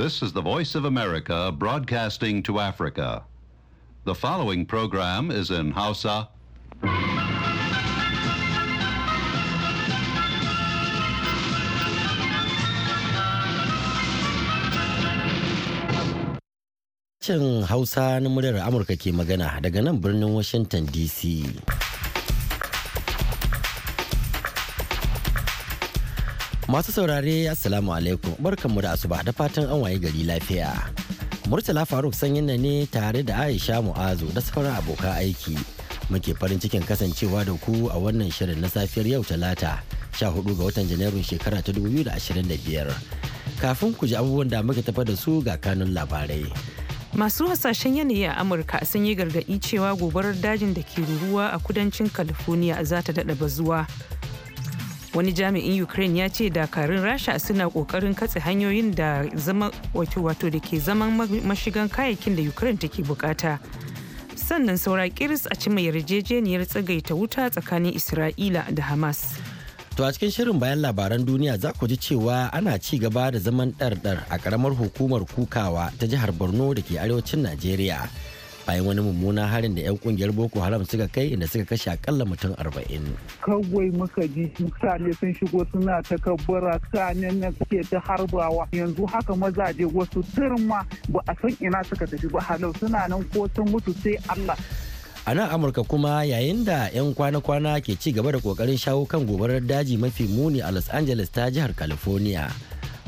This is the Voice of America broadcasting to Africa. The following program is in Hausa. Cin Hausa na muryar Amurka ke magana daga nan birnin Washington DC. Masu saurare Assalamu alaikum barkanmu da asuba da fatan an waye gari lafiya. Murtala Faruk sanyin na ne tare da Aisha Mu'azu da sauran abokan aiki. Muke farin cikin kasancewa da ku a wannan shirin na safiyar yau Talata 14 ga watan Janairun shekara ta 2025. Kafin ku ji abubuwan da muke tafa da su ga kanun labarai. Masu hasashen yanayi a Amurka sun yi gargaɗi cewa gobarar dajin da ke ruruwa a kudancin California za ta daɗa bazuwa. wani jami'in ukraine ya ce dakarun rasha suna kokarin katse hanyoyin da zama wato da ke zaman mashigan kayayyakin da ukraine take bukata sannan saura kiris a cima yarjejeniyar tsagaita wuta tsakanin isra'ila da hamas to a cikin shirin bayan labaran duniya za ku ji cewa ana ci gaba da zaman ɗarɗar a karamar hukumar kukawa ta jihar borno da ke arewacin najeriya bayan wani mummunan harin da 'yan kungiyar boko haram suka kai inda suka kashe akalla mutum arba'in. kawai muka ji mutane sun shigo suna ta kabbara sanen nan suke ta harbawa yanzu haka mazaje wasu turma ba a san ina suka tafi ba halau suna nan ko sun mutu sai allah a nan amurka kuma yayin da 'yan kwana-kwana ke ci gaba da kokarin shawo kan gobarar daji mafi muni a los angeles ta jihar california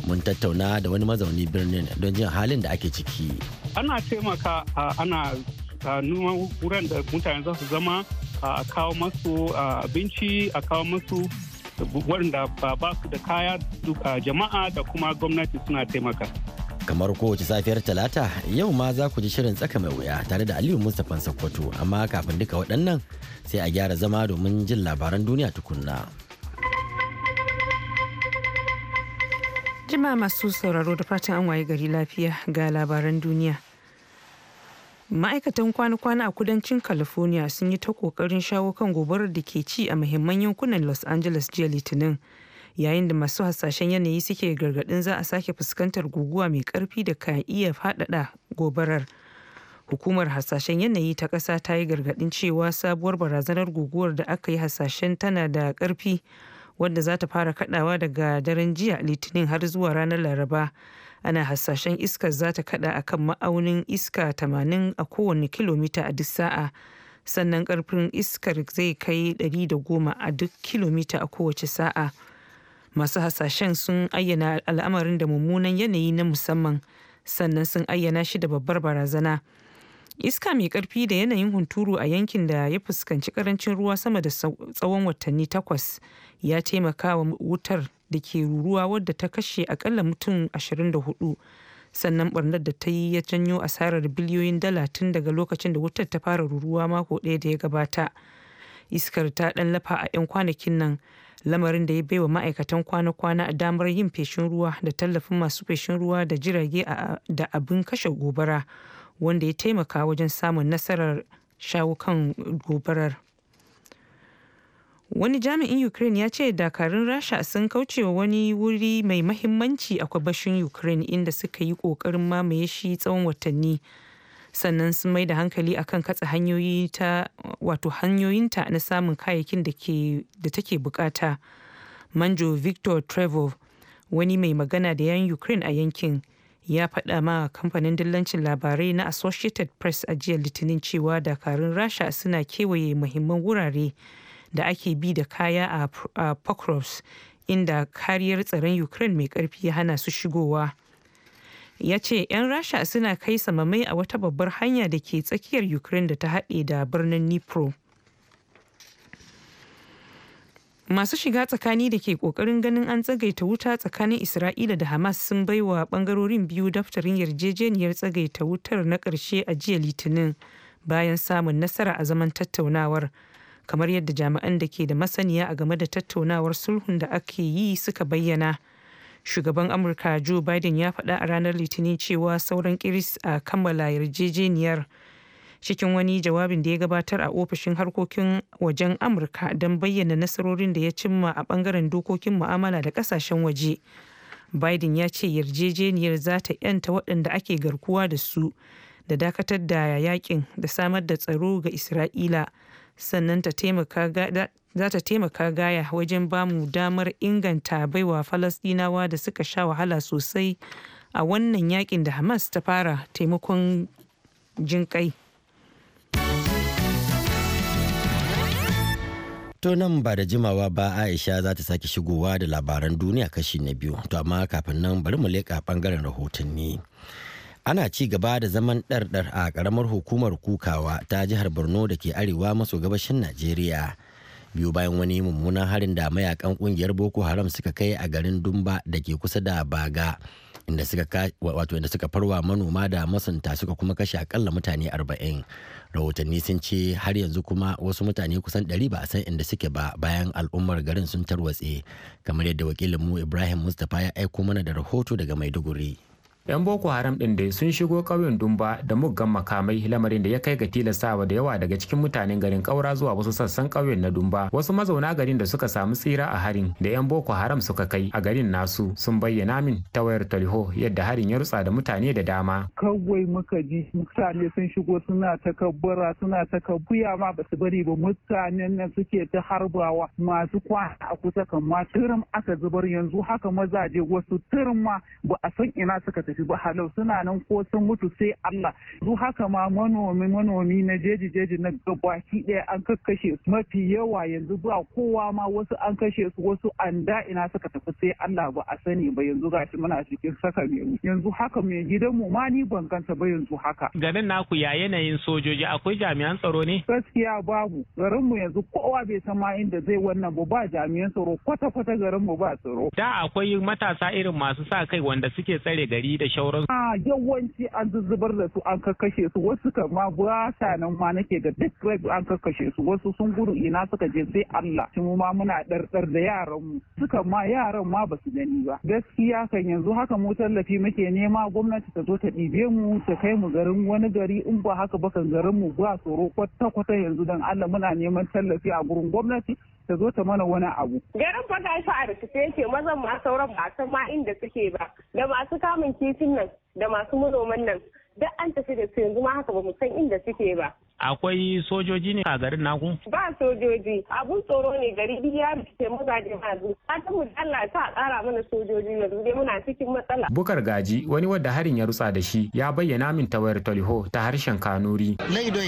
mun tattauna da wani mazauni birnin don jin halin da ake ciki ana taimaka ana numan wurin da mutane za su zama a kawo masu abinci a kawo masu wanda ba su da kaya jama'a da kuma gwamnati suna taimaka kamar kowace safiyar talata yau ma za ku ji shirin tsaka mai wuya tare da aliyu mustapha sokoto amma kafin duka waɗannan sai a gyara zama domin jin labaran duniya tukunna. jima masu sauraro da fatan an waye gari lafiya ga labaran duniya. Ma'aikatan kwana-kwana a kudancin California sun yi ta kokarin shawo kan gobarar da ke ci a muhimman yankunan Los Angeles jiya Litinin. Yayin da masu hasashen yanayi suke gargadin za a sake fuskantar guguwa mai karfi da ka iya faɗaɗa gobarar. Hukumar hasashen yanayi ta ƙasa ta yi gargadin cewa sabuwar barazanar guguwar da aka yi hasashen tana da ƙarfi. wadda za ta fara kadawa daga daren jiya litinin har zuwa ranar laraba ana hasashen iskar za ta kada kan ma'aunin iska 80 a kowane kilomita a duk sa'a sannan karfin iskar zai kai 110 a duk kilomita a kowace sa'a masu hasashen sun ayyana al'amarin da mummunan yanayi na musamman sannan sun ayyana shi da babbar barazana. iska mai karfi da yanayin hunturu a yankin da ya fuskanci karancin ruwa sama da tsawon watanni takwas ya taimaka wa wutar da ke ruruwa wadda ta kashe akalla mutum 24 sannan barnar da ta yi ya janyo asarar biliyoyin dala tun daga lokacin da wutar ta fara ruruwa mako ɗaya da ya gabata iskar ta ɗan lafa a 'yan kwanakin nan lamarin da ya baiwa ma'aikatan kwana-kwana a damar yin feshin ruwa da tallafin masu feshin ruwa da jirage da abin kashe gobara wanda ya taimaka wajen samun nasarar shawo kan gobarar wani jami'in ukraine ya ce dakarun rasha sun kaucewa wani wuri mai mahimmanci a kwabashin ukraine inda suka yi kokarin mamaye shi tsawon watanni sannan sun mai da hankali akan katse hanyoyi ta wato hanyoyinta na samun kayayyakin da take bukata manjo victor trevor wani mai magana da yan ukraine a yankin ya faɗa ma kamfanin dillancin labarai na associated press a jiya litinin cewa dakarun rasha suna kewaye muhimman wurare da ake bi da kaya a pokrovs inda kariyar tsaron ukraine mai ƙarfi ya hana su shigowa ya ce 'yan rasha suna kai samamai a wata babbar hanya da ke tsakiyar ukraine da ta haɗe da birnin nipro masu shiga tsakani da ke kokarin ganin an tsagaita wuta tsakanin isra'ila da hamas sun baiwa bangarorin biyu daftarin yarjejeniyar tsagaita wutar na ƙarshe a jiya litinin bayan samun nasara a zaman tattaunawar kamar yadda jami'an da ke da masaniya a game da tattaunawar sulhun da ake yi suka bayyana shugaban amurka joe biden ya faɗa a ranar litinin cewa sauran kiris a kammala yarjejeniyar cikin wani jawabin da ya gabatar a ofishin harkokin wajen amurka don bayyana nasarorin da ya cimma a bangaren dokokin mu'amala da kasashen waje biden ya ce yarjejeniyar za ta 'yanta waɗanda ake garkuwa da su da dakatar da yakin da samar da tsaro ga isra'ila sannan za ta taimaka gaya wajen bamu damar inganta baiwa falasdinawa da suka sha wahala sosai a wannan yakin da hamas ta fara taimakon jinƙai. To nan ba da jimawa ba Aisha za ta sake shigowa da labaran duniya kashi na biyu, to amma kafin nan bari mu leƙa ɓangaren rahotanni. Ana ci gaba da zaman ɗarɗar a ƙaramar hukumar kukawa ta jihar Borno da ke arewa maso gabashin Najeriya. biyu bayan wani mummunan harin da mayakan ƙungiyar boko haram suka kai a garin dumba da ke kusa da baga inda suka wato inda suka farwa manoma da masunta suka kuma kashe akalla mutane 40 rahotanni sun ce har yanzu kuma wasu mutane kusan 100 ba a san inda suke ba bayan al'ummar garin sun tarwatse kamar yadda wakilinmu ibrahim mustapha ya aiko mana da rahoto daga maiduguri 'yan boko haram ɗin dai sun shigo ƙauyen dumba da muggan makamai lamarin da ya kai ga tilastawa da yawa daga cikin mutanen garin ƙaura zuwa wasu sassan ƙauyen na dumba wasu mazauna garin da suka samu tsira a harin da 'yan boko haram suka kai a garin nasu sun bayyana min ta wayar talho yadda harin ya rutsa da mutane da dama kawai muka ji mutane sun shigo suna takabbura suna takabbuya ma ba su bari ba mutanen nan suke ta harbawa masu kwana a kusa kan ma turum aka zubar yanzu haka mazaje wasu turum ma ba a san ina suka tafi ba suna nan ko sun mutu sai Allah su haka ma manomi manomi na jeji jeji na gabaki daya an kakkashe su mafi yawa yanzu ba kowa ma wasu an kashe su wasu an ina suka tafi sai Allah ba a sani ba yanzu gashi muna cikin saka ne yanzu haka mai gidan mu ma ni ban kanta ba yanzu haka garin naku ya yanayin sojoji akwai jami'an tsaro ne gaskiya babu garin mu yanzu kowa bai san ma inda zai wannan ba ba jami'an tsaro kwata kwata garin mu ba tsaro da akwai matasa irin masu sa kai wanda suke tsare gari da shauran a ah, yawanci an zuzzubar da su an kakkashe su wasu kan ma ba sa nan ma nake ga duk an kakkashe su wasu sun gudu ina suka je sai Allah mu ma muna dardar da yaran mu suka ma yaran ma basu gani ba gaskiya kan yanzu haka mu tallafi muke nema gwamnati ta zo ta ɗibe mu ta kai mu garin wani gari in ba haka ba kan garin mu ba tsoro kwata kwata yanzu dan Allah muna neman tallafi a gurin gwamnati ta zo ta mana wani abu. Garin fata shi a rikice yake mazan ma sauran ba san ma inda suke ba da masu kamun kifin nan da masu manoman nan duk an tafi da su yanzu ma haka ba mu san inda suke ba. akwai sojoji ne a garin naku? Ba sojoji, abun tsoro ne gari biyu ya rikice mazaje mazu. Ta mu Allah ta kara mana sojoji yanzu dai muna cikin matsala. Bukar Gaji wani wadda harin ya rutsa da shi ya bayyana min ta wayar talho ta harshen Kanuri.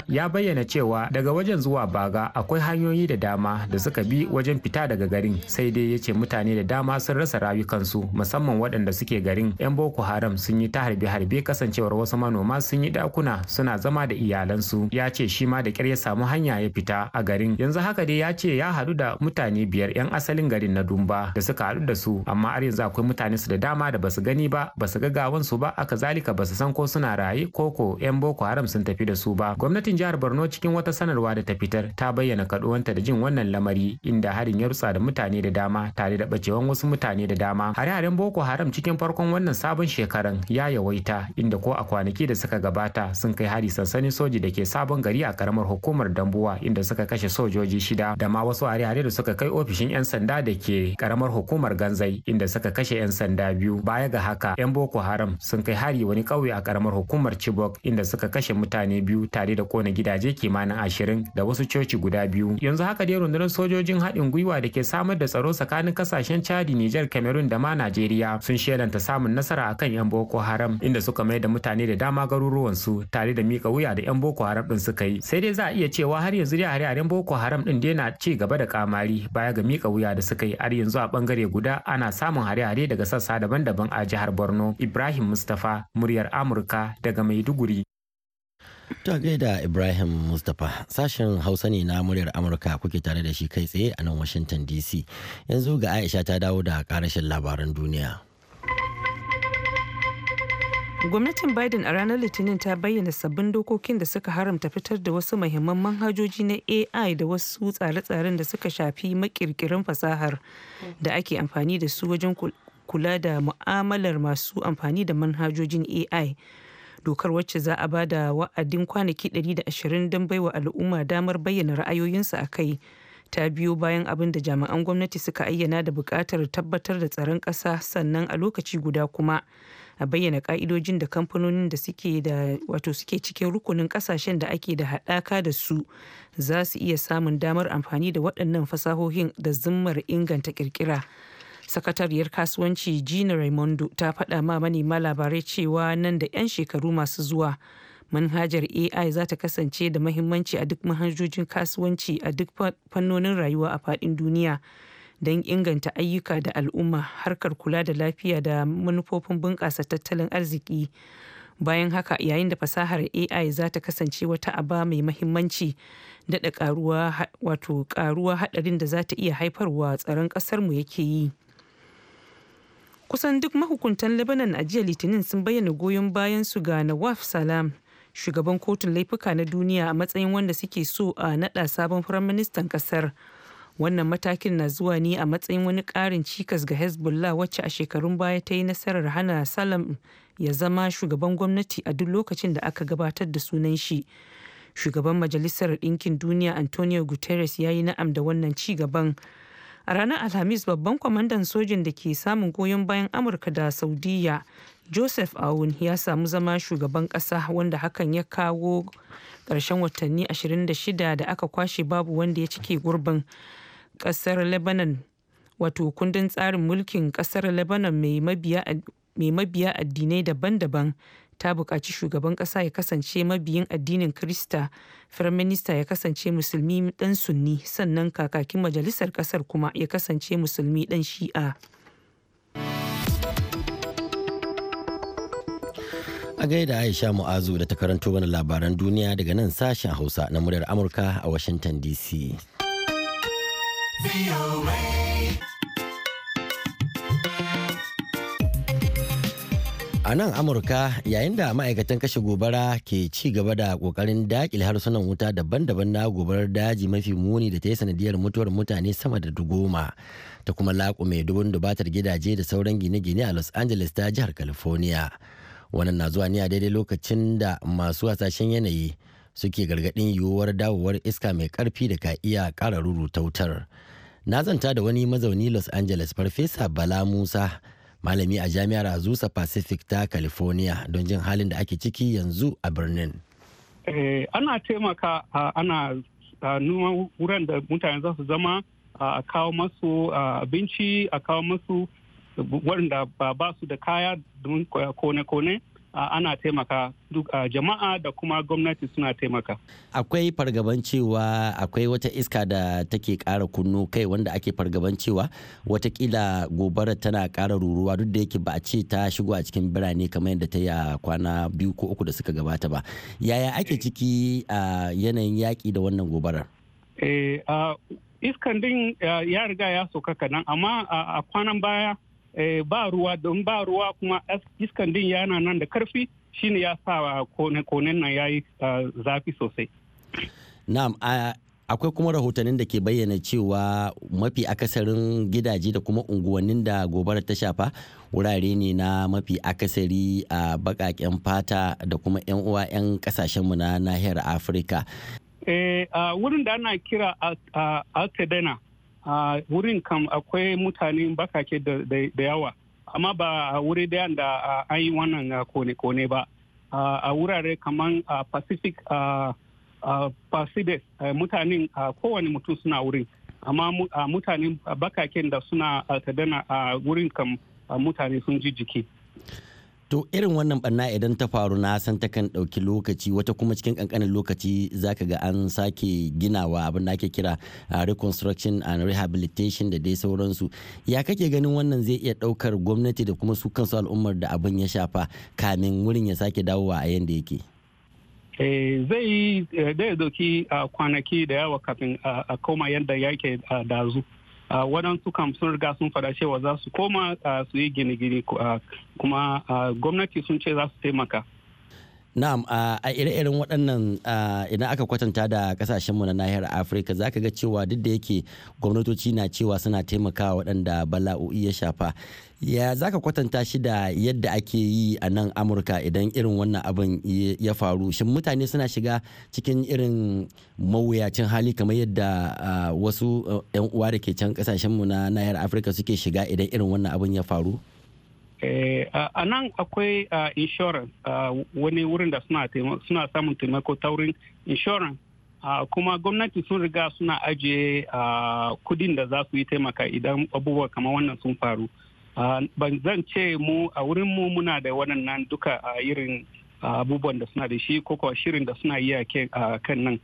Ya bayyana cewa daga wajen zuwa Baga akwai hanyoyi da dama da suka bi wajen fita daga garin sai dai ya ce mutane da dama sun rasa rayukansu musamman waɗanda suke garin 'yan Boko Haram sun yi ta harbe-harbe kasancewar wasu manoma sun yi dakuna suna zama da iyalansu ya ce ce shi ma da kyar ya samu hanya ya fita a garin yanzu haka dai ya ce ya haɗu da mutane biyar 'yan asalin garin na dumba da suka haɗu da su amma har yanzu akwai mutane su da dama da basu gani ba basu ga gawan su ba aka zalika basu san ko suna raye ko ko 'yan boko haram sun tafi da su ba gwamnatin jihar borno cikin wata sanarwa da ta fitar ta bayyana kaɗuwanta da jin wannan lamari inda harin ya rutsa da mutane da dama tare da bacewan wasu mutane da dama hare-haren boko haram cikin farkon wannan sabon shekaran ya yawaita inda ko a kwanaki da suka gabata sun kai hari sansanin soji da ke sabon gari gari a karamar hukumar dambuwa inda suka kashe sojoji shida da ma wasu hare-hare da suka kai ofishin 'yan sanda da ke karamar hukumar ganzai inda suka kashe 'yan sanda biyu baya ga haka 'yan boko haram sun kai hari wani ƙauye a karamar hukumar chibok inda suka kashe mutane biyu tare da kona gidaje kimanin ashirin da wasu coci guda biyu yanzu haka dai rundunar sojojin haɗin gwiwa da ke samar da tsaro tsakanin kasashen chadi nijar cameroon da ma najeriya sun shelanta samun nasara akan 'yan boko haram inda suka mai da mutane da dama garuruwansu tare da mika wuya da 'yan boko haram ɗin suka kai sai dai za a iya cewa har yanzu dai hare-haren boko haram din dai na ci gaba da kamari baya ga mika wuya da suka yi har yanzu a bangare guda ana samun hare-hare daga sassa daban-daban a jihar borno ibrahim mustapha muryar amurka daga maiduguri To gaida Ibrahim Mustapha sashen Hausa ne na muryar Amurka kuke tare da shi kai tsaye a nan Washington DC. Yanzu ga Aisha ta dawo da karashin labaran duniya. Gwamnatin Biden a ranar Litinin ta bayyana sabbin dokokin da suka haramta fitar da wasu mahimman manhajoji na AI da wasu tsare-tsaren da suka shafi makirkirin fasahar da ake amfani da su wajen kula da mu'amalar masu amfani da manhajojin AI. Dokar wacce za a bada wa'adin kwanaki 120 don baiwa al'umma damar bayyana ra'ayoyinsu a kai. ta biyo bayan abin da jami'an gwamnati suka ayyana da buƙatar tabbatar da tsaron ƙasa sannan a lokaci guda kuma a bayyana ka'idojin da kamfanonin da suke da wato suke cikin rukunin kasashen da ake da haɗaka da su za su iya samun damar amfani da waɗannan fasahohin da zimmar inganta kirkira sakatariyar kasuwanci gina raimondo ta faɗa ma manema labarai cewa nan da 'yan shekaru masu zuwa manhajar ai za ta kasance da mahimmanci a duk manhajojin kasuwanci a duk fannonin rayuwa a faɗin duniya don inganta ayyuka da al'umma harkar kula da lafiya da manufofin bunƙasa tattalin arziki bayan haka yayin da fasahar ai za ta kasance wata aba mai mahimmanci daɗa ƙaruwa haɗarin da za ta iya haifarwa tsaron ƙasarmu yake yi kusan duk mahukuntan lebanon a jiya litinin sun bayyana goyon bayan su ga nawaf salam shugaban kotun laifuka na duniya a matsayin wanda suke so a naɗa sabon firaministan ƙasar wannan matakin na zuwa ne a matsayin wani ƙarin cikas ga hezbollah wacce a shekarun baya ta yi nasarar hana salam ya zama shugaban gwamnati a duk lokacin da aka gabatar da sunan shi shugaban majalisar ɗinkin duniya antonio guterres ya yi na'am da wannan ci gaban a ranar alhamis babban kwamandan sojin da ke samun goyon bayan amurka da saudiya joseph awun ya samu zama shugaban ƙasa wanda hakan ya kawo ƙarshen watanni 26 da aka kwashe babu wanda ya cike gurbin kasar lebanon wato kundin tsarin mulkin kasar lebanon mai mabiya addinai daban-daban ta buƙaci shugaban ƙasa ya kasance mabiyin addinin krista firaminista ya kasance musulmi ɗan sunni sannan kakakin majalisar ƙasar kuma ya kasance musulmi ɗan shi'a a gaida aisha mu'azu da ta karanto mana labaran duniya daga nan sashen hausa na muryar amurka a washington dc A nan Amurka yayin da ma'aikatan kashe gobara ke ci gaba da kokarin dakile harsunan wuta daban-daban na gobarar daji mafi muni da ta yi sanadiyar mutuwar mutane sama da goma ta kuma laƙume dubun dubatar gidaje da sauran gine-gine a Los Angeles ta jihar California. Wannan na zuwa ne a daidai lokacin da masu hasashen yanayi suke gargadin yiwuwar dawowar iska mai karfi da ka iya kara ruruta wutar. Na zanta da wani mazauni Los Angeles Farfesa Bala Musa malami a jami'ar Azusa Pacific ta California don jin halin da ake ciki yanzu a birnin. Eh, ana taimaka ana numan wuran da mutane za su zama a kawo masu abinci a kawo masu waɗanda ba su da kaya don kone-kone ana taimaka duk jama'a da kuma gwamnati suna taimaka. Akwai fargaban cewa akwai wata iska da take ƙara kunnu kai wanda ake fargaban cewa watakila gobara tana ƙara ruruwa duk da yake ba a ce ta shigo a cikin birane kamar yadda ta yi kwana biyu ko uku da suka gabata ba. Yaya ake ciki a yanayin yaƙi da wannan gobarar? Eh, iskan din ya riga ya sauka kaɗan amma a kwanan baya Eh, ba ruwa don ba ruwa kuma iskan din yana nan da karfi shine ya sa ah, konen nan ya yi ah, zafi sosai na'am akwai kuma rahotannin da ke bayyana cewa mafi akasarin gidaje da kuma unguwannin da gobara ta shafa wurare ne na mafi akasari a bakaken fata da kuma 'yan uwa 'yan kasashenmu na nahiyar afirka eh wurin da ana kira altadena a wurin kam akwai mutane bakake da yawa amma ba a wuri da da an yi wannan kone-kone ba a wurare kamar pacific pacific eh, mutanen kowane mutum suna wurin amma mutanen bakaken da suna tadana a wurin kam mutane sun ji jiki To irin wannan banna idan ta faru na san takan kan ɗauki lokaci wata kuma cikin ƙanƙanin lokaci zaka ga an sake ginawa abin da ake kira ah, reconstruction and rehabilitation da dai sauransu. Ya kake ganin wannan zai iya ɗaukar gwamnati da kuma su kansu al'ummar da abin ya shafa kamin wurin ya sake dawowa a yanda yake. Eh, zai da eh, doki ah, kwanaki da yawa kafin ah, a koma yadda yake dazu. Ah, waɗansu kam sun riga sun faɗa cewa za su koma ah, su yi gine-gine ah, kuma gwamnati sun ce za su taimaka Na'am a ire-iren waɗannan idan aka kwatanta da kasashenmu na nahiyar Afirka za ka ga cewa duk da yake gwamnatoci na cewa suna taimakawa waɗanda bala'o'i ya shafa. ya za ka kwatanta shi da yadda ake yi a nan amurka idan irin wannan abin ya faru shin mutane suna shiga cikin irin mawuyacin hali kamar yadda wasu 'yan uwa da ke can kasashenmu na nahiyar afirka suke shiga idan irin wannan abin ya faru eh, a nan akwai insurance wani wurin da suna samun taimako ta wurin insurance kuma gwamnati sun riga suna ajiye kudin da za su yi taimaka idan abubuwa kamar wannan sun faru. ban zan ce mu a wurin mu muna da waɗannan duka a irin abubuwan da suna da shi ko kuwa shirin da suna yi a kan nan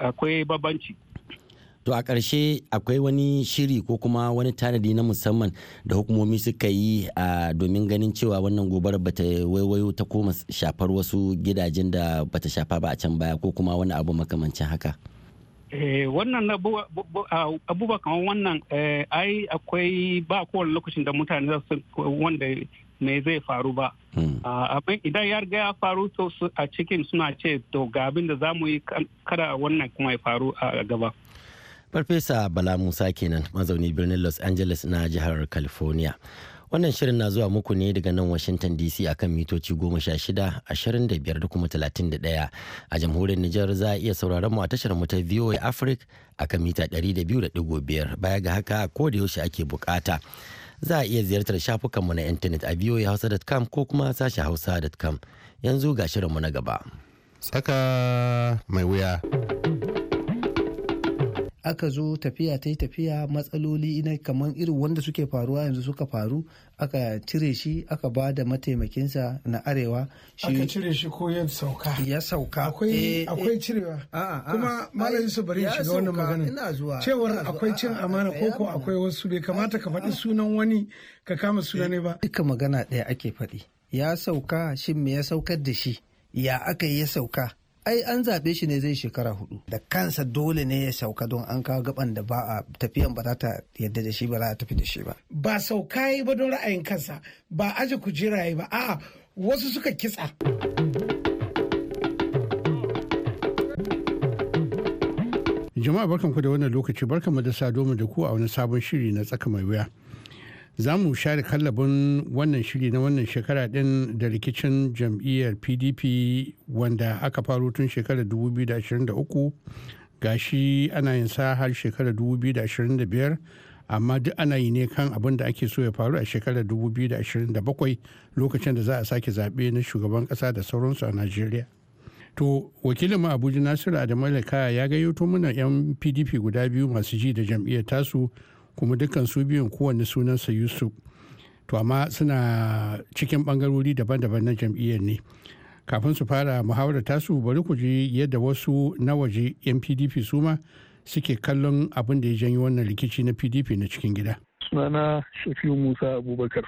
akwai babanci to a ƙarshe akwai wani shiri ko kuma wani tanadi na musamman da hukumomi suka yi a domin ganin cewa wannan gobarar bata waiwayo ta koma shafar wasu gidajen da ba ta shafa ba a can baya ko kuma wani abu makamancin haka Eh, wannan abubuwa kamar wannan eh, ai akwai ba kowane lokacin da mutane za su wanda me zai faru ba hmm. abin idan ya riga ya faru to a cikin suna ce to ga abin da za mu yi kada wannan kuma ya faru a gaba farfesa bala musa kenan mazauni birnin los angeles na jihar california Wannan shirin na zuwa muku ne daga nan Washington DC A kan mitoci goma sha shida, ashirin da biyar da kuma talatin A jamhuriyar Nijar za a iya sauraron mu a tashar mu ta VOA Africa A kan mita ɗari da biyu da ɗigo Baya ga haka ko da yaushe ake bukata. Za a iya ziyartar shafukanmu na intanet a voahausa.com ko kuma sashen hausa.com. Yanzu ga shirinmu na gaba. Saka mai wuya. aka zo tafiya ta yi tafiya matsaloli ina kamar irin wanda suke faruwa yanzu suka faru aka cire shi aka ba da mataimakinsa na arewa shi aka cire shi ko ya sauka ya sauka akwai eh, eh. cirewa kuma malam su bari shiga wannan magana cewar akwai cin amana ko ko akwai wasu bai kamata ka faɗi sunan wani ka kama sunane ba duka magana ɗaya ake faɗi ya sauka shin me ya saukar da shi ya aka yi ya sauka ai an zaɓe shi ne zai shekara hudu da kansa dole ne ya sauka don an kawo gaban da ba a tafiyan ba za ta yadda da shi ba za a tafi da shi ba ba sauka yi ba don ra'ayin kansa ba aji kujera yi ba a'a wasu suka kitsa jama'a barkanku da wannan lokaci barkanmu da sa domin da ku a wani sabon shiri na tsaka mai wuya za mu share kallabin wannan shiri na wannan shekara din da rikicin jam'iyyar pdp wanda aka faru tun shekarar 2023 gashi ana yin sa har shekarar 2025 amma duk ana yi ne kan abin da ake so ya faru a shekarar 2027 lokacin da za a sake zaɓe na shugaban ƙasa da sauransu a najeriya to wakilin abuja nasiru adamu kaya ya gayyato mana 'yan pdp guda biyu masu ji da jam'iyyar tasu kuma dukkan su biyun kowanne sunansa yusuf to amma suna cikin bangarori daban-daban na jam'iyyar ne kafin su fara muhawarar tasu bari ku ji yadda wasu na waje 'yan pdp su ma suke kallon abin da ya janyo wannan rikici na pdp na cikin gida sunana shafiu musa abubakar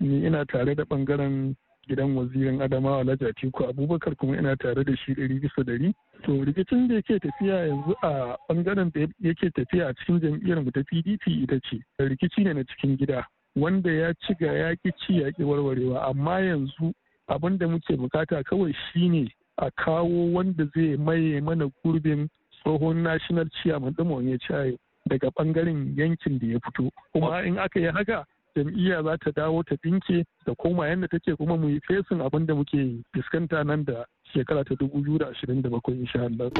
ni ina tare da bangaren gidan wazirin adamawa alhaji atiku abubakar kuma yana tare da shi ɗari bisa ɗari to rikicin da yake tafiya yanzu a bangaren da yake tafiya a cikin jam'iyyar mu ta pdp ita ce rikici ne na cikin gida wanda ya ci ga yaƙi ci yaƙi warwarewa amma yanzu abin da muke bukata kawai shine a kawo wanda zai maye mana gurbin tsohon national chairman ɗin wani ya daga bangaren yankin da ya fito kuma in aka yi haka jam'iyya za ta dawo ta dinke da koma yadda take kuma mu yi fesin abin da muke fuskanta nan da shekara ta 2027 insha Allah.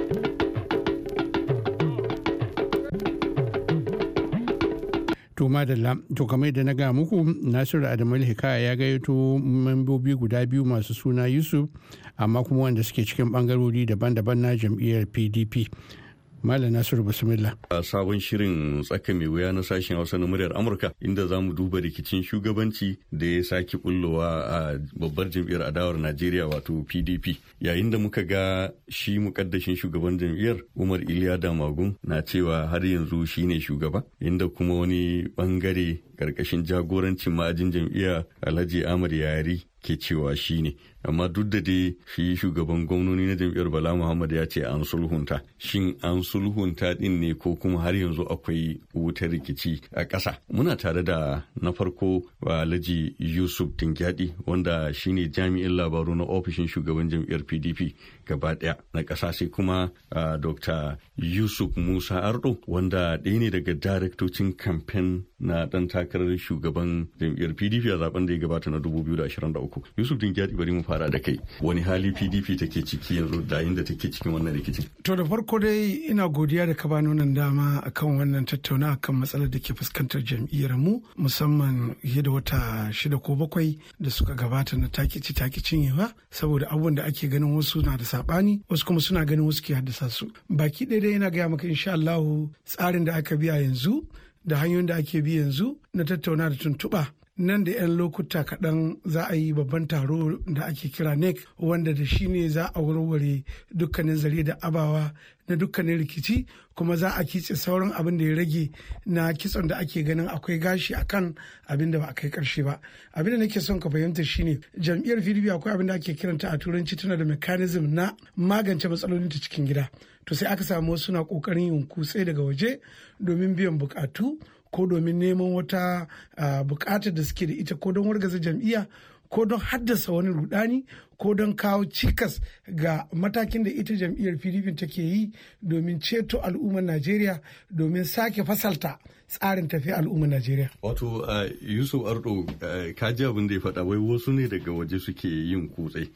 To madalla, to kamar da na ga muku Nasiru Adamu Hikaya ya gayyato mambobi guda biyu masu suna Yusuf amma kuma wanda suke cikin bangarori daban-daban na jam'iyyar PDP. Malam Nasiru basmilla A sabon shirin tsaka mai wuya na sashen Hausa na muryar Amurka inda za mu duba rikicin shugabanci da ya sake bullowa a babbar jam'iyyar adawar Najeriya wato PDP. Yayin da muka ga shi mukaddashin shugaban jam'iyyar Umar Iliya Damagun na cewa har yanzu shi ne shugaba inda kuma wani bangare karkashin jagorancin ma'ajin jam'iyyar Alhaji Ahmad Yari ke cewa shi ne. amma duk da dai shi shugaban gwamnoni na jam'iyyar bala muhammad ya ce an sulhunta shin an sulhunta din ne ko kuma har yanzu akwai wuta rikici a ƙasa muna tare da na farko alhaji yusuf dingyadi wanda shine jami'in labaru na ofishin shugaban jam'iyyar pdp gaba ɗaya na ƙasa sai kuma dr yusuf musa ardo wanda ɗaya ne daga daraktocin kamfen na dan takarar shugaban jam'iyyar pdp a zaben da ya gabata na 2023 yusuf dingyadi bari mu fara da kai wani hali pdp take ciki yanzu da da take cikin wannan rikicin to da farko dai ina godiya da ka ba wannan dama akan wannan tattauna akan matsalar da ke fuskantar jam'iyyar mu musamman yadda da wata shida ko bakwai da suka gabata na takici takicin yawa saboda abubuwan da ake ganin wasu na da sabani wasu kuma suna ganin wasu ke haddasa su baki ɗaya dai ina gaya maka insha Allahu tsarin da aka biya yanzu da hanyoyin da ake bi yanzu na tattauna da tuntuɓa nan da 'yan lokuta kaɗan za a yi babban taro da ake kira nec wanda da shi ne za a warware dukkanin zare da abawa na dukkanin rikici kuma za a kitse sauran abin da ya rage na kitson da ake ganin akwai gashi a kan abin da ba a kai karshe ba abin da nake son ka fahimta shine jam'iyyar pdp akwai abin da ake kiranta a turanci tana da mechanism na magance matsalolin ta cikin gida to sai aka samu wasu na kokarin yin kutse daga waje domin biyan bukatu ko domin neman wata bukatar da suke da ita ko don wargaza jam'iyya ko don haddasa wani rudani ko don kawo cikas ga matakin da ita jam'iyyar pdp take yi domin ceto al'ummar najeriya domin sake fasalta tsarin tafiya al'ummar najeriya wato yusuf ardo ka ji abin da ya faɗa wai wasu ne daga waje suke yin kutse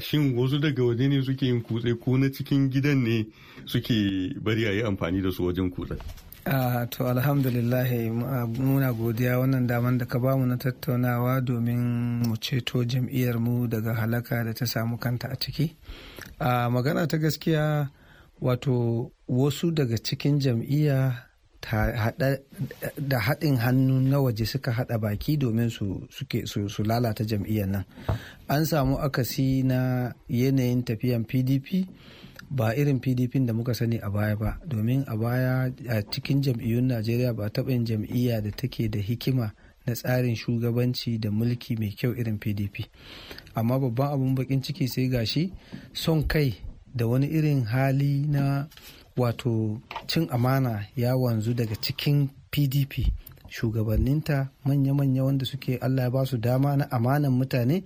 shin wasu daga waje ne suke yin kutse ko na cikin gidan ne suke bari a yi amfani da su wajen kutse to alhamdulillah muna godiya wannan daman da ka bamu na tattaunawa domin mu ceto mu daga halaka da ta samu kanta a ciki magana ta gaskiya wato wasu daga cikin jam'iyya da haɗin hannu na waje suka haɗa baki domin su su lalata jam'iyyar nan an samu akasi na yanayin tafiyan pdp ba irin pdp da muka sani a baya ba domin a baya a cikin jam'iyyun najeriya ba taɓa yin jam'iyya da take da hikima na tsarin shugabanci da mulki mai kyau irin pdp amma babban abun bakin ciki sai gashi son kai da wani irin hali na wato cin amana ya wanzu daga cikin pdp shugabanninta manya-manya wanda suke allah ya ba su dama na amanan mutane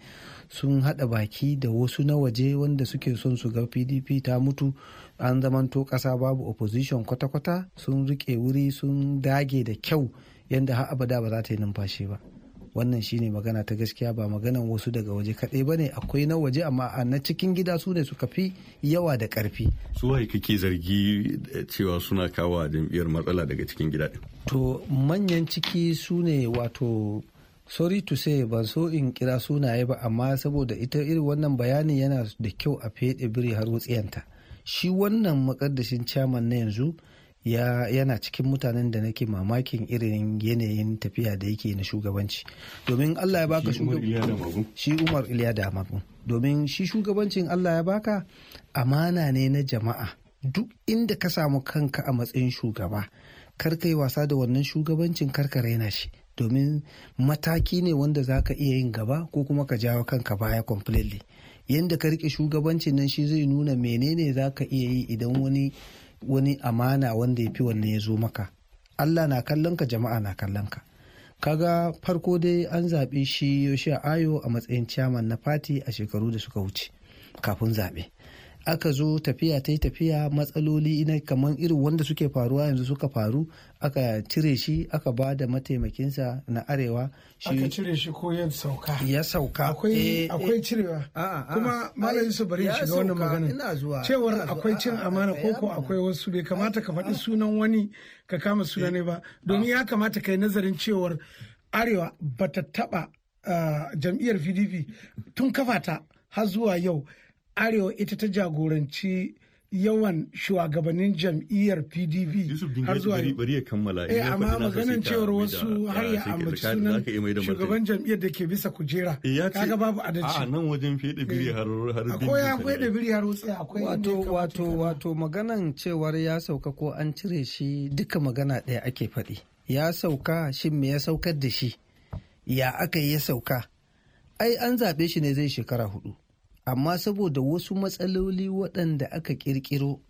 sun haɗa baki da wasu na waje wanda suke son su ga pdp ta mutu an zamanto ƙasa babu opposition kwata-kwata sun riƙe wuri sun dage da kyau yadda har abada ba za ta yi numfashi ba wannan shine magana ta gaskiya ba maganan wasu daga waje kaɗai ba ne akwai na waje amma a na cikin gida su ne suka fi yawa da ƙarfi su wai kake zargi cewa suna kawo jam'iyyar matsala daga cikin gida to manyan ciki su ne wato sorry to say ban so in kira sunaye ba amma saboda ita irin wannan bayani yana da kyau a fede biri har wutsiyanta shi wannan makaddashin chairman na yanzu ya yana cikin mutanen da nake mamakin irin yanayin tafiya da yake na shugabanci domin Allah ya baka shi Umar da Magun domin shi shugabancin Allah ya baka amana ne na jama'a duk inda ka samu kanka a matsayin shugaba kar kai wasa da wannan shugabancin karka raina shi domin mataki ne wanda za ka iya yin gaba ko kuma ka jawo kanka baya completely yadda ka rike shugabancin nan shi zai nuna menene za ka iya yi idan wani wani amana wanda ya fi wanne ya zo maka allah na kallon ka jama'a na kallon ka kaga farko dai an zaɓe shi yoshi ayo a matsayin ciyaman na fati a shekaru da suka wuce kafin zaɓe aka zo tafiya ta yi tafiya matsaloli ina kamar irin wanda suke faruwa yanzu suka faru aka cire shi aka ba da mataimakinsa na arewa shi aka cire shi ko yin sauka ya sauka akwai eh, eh. cirewa kuma malam su bari shiga wannan maganar cewar akwai cin amana ko ko akwai wasu bai kamata ka faɗi sunan wani ka kama eh, suna ne ba domin ya kamata ka yi nazarin cewar arewa bata taɓa ah, jam'iyyar pdp tun kafa ta har zuwa yau arewa ita ta jagoranci yawan shugabannin jam'iyyar pdp har zuwa bari ya kammala eh amma maganin cewar wasu har ya ambaci sunan shugaban jam'iyyar da ke bisa kujera eh, kaga babu adalci a nan wajen fede biri eh, har har akwai ya fede biri har wutsi akwai wato wato wato maganan cewar ya sauka ko an cire shi duka magana ɗaya ake faɗi ya sauka shin me ya saukar da shi ya aka yi ya sauka ai an zaɓe shi ne zai shekara hudu amma saboda wasu matsaloli waɗanda aka ƙirƙiro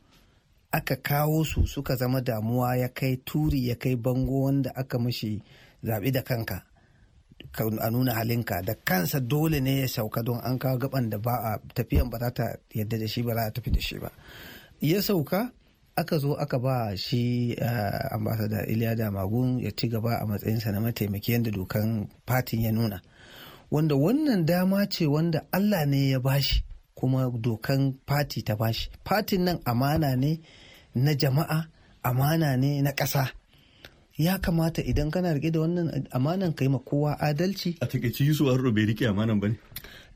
aka kawo su suka zama damuwa ya kai turi ya kai bango wanda aka mashi zaɓi da kanka a nuna halinka da kansa dole ne ya sauka don an kawo gaban da ba a tafiyan ba za ta yadda da shi ba za a tafi da shi ba ya sauka aka zo aka ba shi eh, ambasada iliya magun ya ci gaba a matsayinsa na mataimaki yadda dokan fatin ya nuna wanda wannan dama ce wanda Allah ne ya bashi kuma dokan fati ta bashi fatin nan amana ne na jama'a amana ne na ƙasa ya kamata idan kana rike da wannan amanan ka ma kowa adalci a takaici yusuf arro bai rike amanan ba ne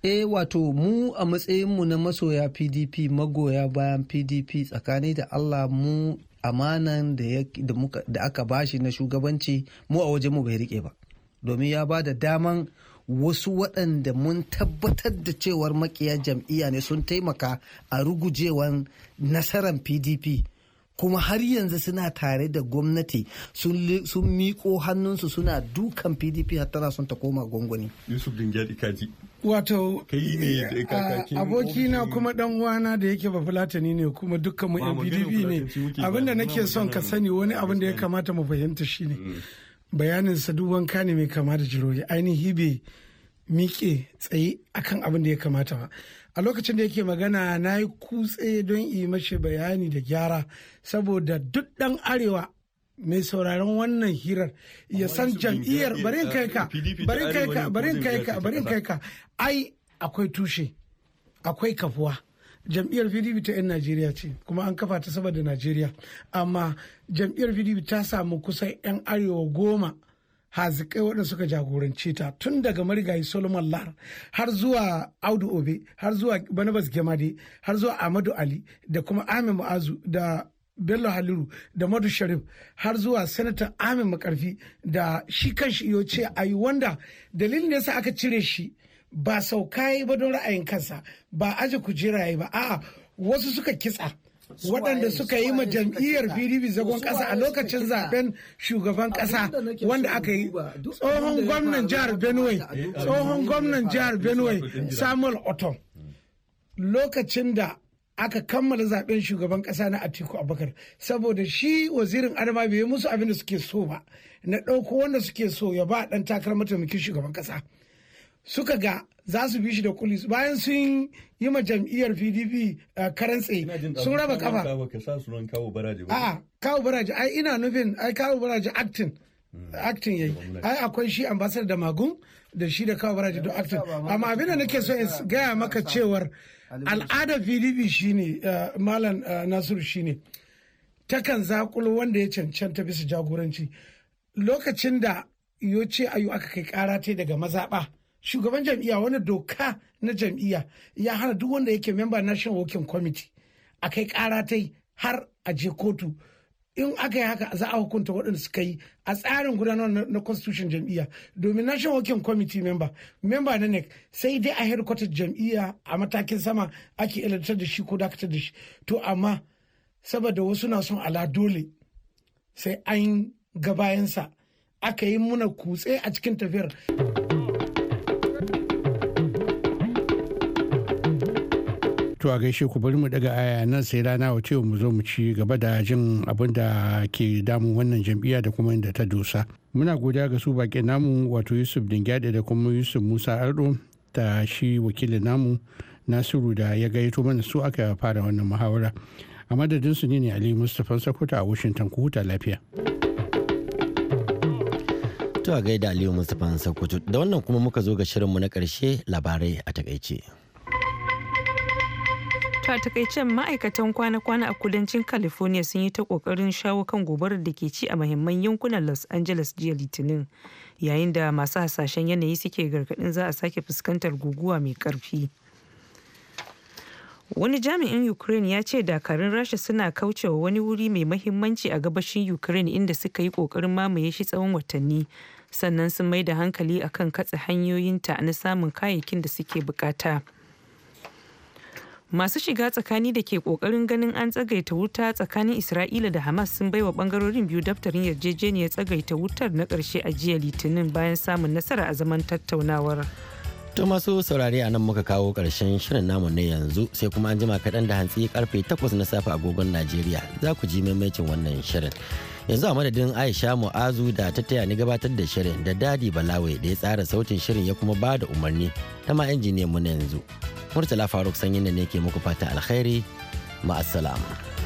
eh wato mu a matsayinmu na masoya pdp magoya bayan pdp tsakani da allah mu amanan da aka bashi na shugabanci mu a wajen mu bai rike ba domin ya ba da daman wasu waɗanda mun tabbatar da cewar makiya jam'iyya ne sun taimaka a rugujewan nasarar pdp kuma har yanzu suna tare da gwamnati sun miko hannunsu suna dukan pdp har tana son ta koma gwangwani yusuf dingyadi kaji wato eh, aboki na kuma dan uwana da yake ba fulatani ne kuma dukkan mu pdp ne abinda nake son ka sani wani abin da ya kamata mu fahimta shine mm. bayanin saduban wanka ne mai kama da jirori ainihi bai miƙe tsaye akan abin da ya kamata ba a lokacin da yake magana na yi kutse don yi mashi bayani da gyara saboda duk ɗan arewa mai sauraron wannan hirar ya san jam'iyyar barin kai ka barin kai ka barin kai ka barin kai ka ai akwai tushe akwai kafuwa jam'iyyar pdp ta 'yan najeriya ce kuma an kafa ta saboda najeriya amma jam'iyyar pdp ta samu kusan 'yan arewa goma hazikai waɗanda suka jagorance ta tun daga marigayi solomon lar har zuwa audu obe har zuwa banabas gemade har zuwa amadu ali da kuma amin mu'azu da bello haliru da madu sharif har zuwa sanata amin makarfi da shi kanshi iyo ce a yi wanda dalilin da yasa aka cire shi ba sauka yi ba don ra'ayin kansa ba aje kujeraye yi ba a'a wasu suka kitsa waɗanda suka yi ma jam'iyyar pdp zagon ƙasa a lokacin zaben shugaban ƙasa wanda aka yi tsohon gwamnan jihar benue tsohon gwamnan jihar benue samuel otom lokacin da aka kammala zaben shugaban ƙasa na atiku abubakar saboda shi wazirin adama bai yi musu abin da suke so ba na ɗauko wanda suke so ya ba ɗan takarar mataimakin shugaban ƙasa suka ga za su bi shi da kulis bayan sun yi ma jam'iyyar pdp uh, karantse sun raba kafa a kawo baraji ai ina nufin ai kawo baraji actin hmm. actin yayi ai akwai shi ambasar da magun da shi da kawo baraji don actin amma abin nake so in gaya maka cewar al'adar pdp shine uh, malam uh, nasiru shine takan zakulo wanda ya cancanta bisa jagoranci lokacin da yace ayu aka kai kara daga mazaɓa shugaban jam'iyya wani doka na jam'iyya ya hana duk wanda yake member national working committee a kai kara ta har a je kotu in aka yi haka za a hukunta waɗanda suka yi a tsarin gudanar na constitution jam'iyya domin national working committee member member na nec sai dai a headquarter jam'iyya a matakin sama ake ilantar da shi ko dakatar da shi to amma saboda wasu na son ala dole sai an gabayansa aka yi muna kutse a cikin tafiyar to a gaishe ku bari mu daga aya nan sai rana wace mu zo mu ci gaba da jin abin da ke damun wannan jam'iyya da kuma inda ta dosa muna godiya ga su baƙin namu wato yusuf dingade da kuma yusuf musa ardo da shi wakilin namu nasiru da ya gaito mana su aka fara wannan muhawara a madadin su ne ali mustapha sakuta a washington ku huta lafiya to a gaida aliyu mustapha sakuta da wannan kuma muka zo ga shirinmu na ƙarshe labarai a takaice To takaice takaicen ma'aikatan kwana-kwana a kudancin California sun yi ta kokarin shawo kan gobarar da ke ci a mahimman yankunan Los Angeles jiya Litinin, yayin da masu hasashen yanayi suke gargadin za a sake fuskantar guguwa mai karfi. Wani jami'in Ukraine ya ce dakarun Rasha suna kaucewa wani wuri mai mahimmanci a gabashin Ukraine inda suka yi kokarin mamaye shi tsawon watanni, sannan sun mai da hankali akan katse hanyoyinta na samun kayayyakin da suke bukata. masu shiga tsakani da ke kokarin ganin an tsagaita wuta tsakanin isra'ila da hamas sun baiwa bangarorin biyu daftarin yarjejeniyar tsagaita wutar na karshe a jiya litinin bayan samun nasara a zaman tattaunawar to masu saurare a nan muka kawo ƙarshen shirin namu na yanzu sai kuma an jima kaɗan da hantsi karfe 8 na safe agogon najeriya za ku ji maimaitin wannan shirin yanzu a madadin aisha mu'azu da ta taya ni gabatar da shirin da dadi balawai da ya tsara sautin shirin ya kuma ba da umarni ta ma injiniyan mu na yanzu murtala faruk sanyin da ne ke muku fata alkhairi ma'assalama